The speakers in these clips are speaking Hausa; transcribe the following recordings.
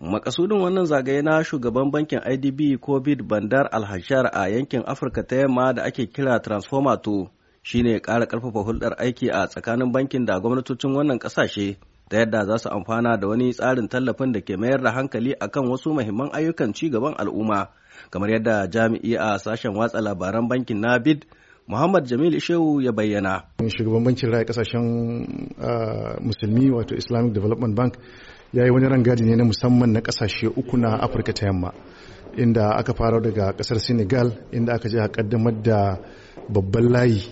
Makasudin wannan zagaye na shugaban bankin IDB COVID Bandar Alhashar a yankin Afirka ta yamma da ake kira Transformer to shine kara karfafa hulɗar aiki a tsakanin bankin da gwamnatocin wannan kasashe ta yadda za su amfana da wani tsarin tallafin da ke mayar da hankali akan wasu mahimman ayyukan ci gaban al'umma kamar yadda jami'i a sashen watsa labaran bankin na bid Muhammad Jamil Shehu ya bayyana. Shugaban bankin raya kasashen ah, musulmi wato Islamic Development Bank ya yi wani rangadi ne na musamman na kasashe uku na afirka ta yamma inda aka fara daga kasar senegal inda aka je a kaddamar da babban layi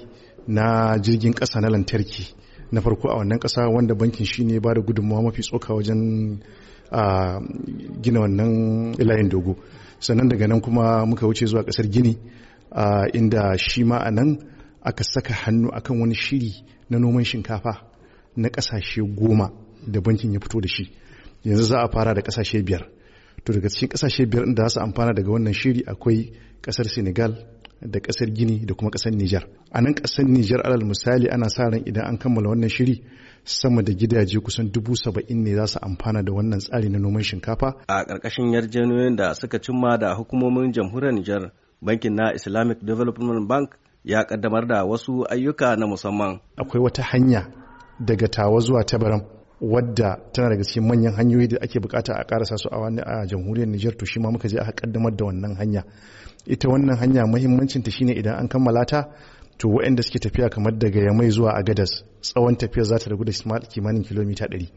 na jirgin kasa na lantarki na farko a wannan kasa wanda bankin shi ne ba da gudunmawa mafi tsoka wajen gina wannan layin dogo sannan daga nan kuma muka wuce zuwa kasar gini inda shi ma a nan aka saka hannu akan wani shiri na noman shinkafa na kasashe goma da bankin ya fito da shi yanzu za a fara da kasashe biyar to daga cikin kasashe biyar inda za su amfana daga wannan shiri akwai kasar senegal da kasar gini da kuma kasar niger a nan kasar niger alal misali ana sa ran idan an kammala wannan shiri sama da gidaje kusan dubu saba'in ne za su amfana da wannan tsari na noman shinkafa a ƙarƙashin yarjejeniyoyin da suka cimma da hukumomin jamhuriyar niger bankin na islamic development bank ya kaddamar da wasu ayyuka na musamman akwai wata hanya daga tawa zuwa tabaram wadda tana daga cikin manyan hanyoyi da ake bukata a karasa su a jamhuriyar Nijar to shi ma muka je aka kaddamar da wannan hanya ita wannan hanya muhimmancin ta shine idan an kammala ta to waɗanda suke tafiya kamar daga Yamai zuwa Agadas tsawon tafiyar za ta ragu da kimanin kilomita 100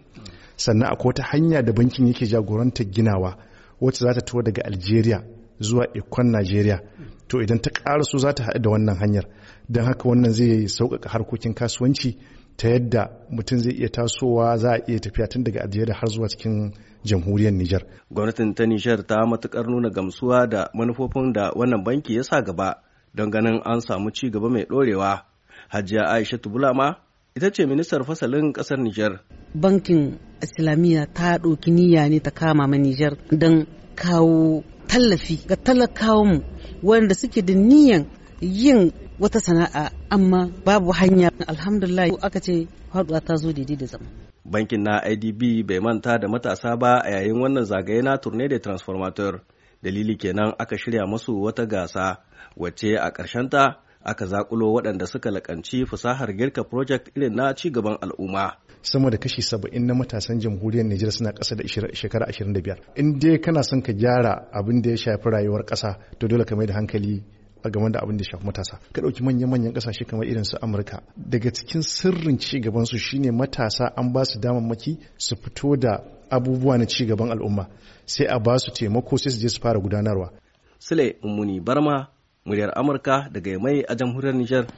sannan akwai wata hanya da bankin yake jagorantar ginawa wacce za ta tawo daga Algeria zuwa Ikon Najeriya to idan ta karaso za ta haɗu da wannan hanyar don haka wannan zai sauƙaƙa harkokin kasuwanci ta yadda mutum zai iya tasowa za a iya tafiya tun daga da har zuwa cikin jamhuriyar Nijar. Gwamnatin ta Nijar ta matukar nuna gamsuwa da manufofin da wannan banki ya sa gaba don ganin an samu ci gaba mai ɗorewa. Hajiya Aisha Bulama ita ce ministar fasalin ƙasar Nijar. Bankin Islamiyya ta ɗauki niyya ne ta kama ma Nijar don kawo tallafi ga talakawanmu wanda suke da niyyan yin wata sana'a amma babu hanya alhamdulillah aka ce haɗuwa ta zo daidai da zama bankin na idb bai manta da matasa ba a yayin wannan zagaye na turne da transformator dalili kenan aka shirya masu wata gasa wacce a ƙarshen ta aka zakulo waɗanda suka lakanci fasahar girka project irin na ci gaban al'umma sama da kashi saba'in na matasan jamhuriyar Nijar suna ƙasa da shekara ashirin biyar. In dai kana son ka gyara abin da ya shafi rayuwar ƙasa to dole ka mai da hankali a game da abin da shafi matasa ka ɗauki manya-manyan ƙasashe kamar irin su amurka daga cikin sirrin ci gaban su shine matasa an ba su damammaki su fito da abubuwa na ci gaban al'umma sai a ba su taimako sai su je su fara gudanarwa sule ummuni barma muryar amurka daga mai a jamhuriyar Nijar.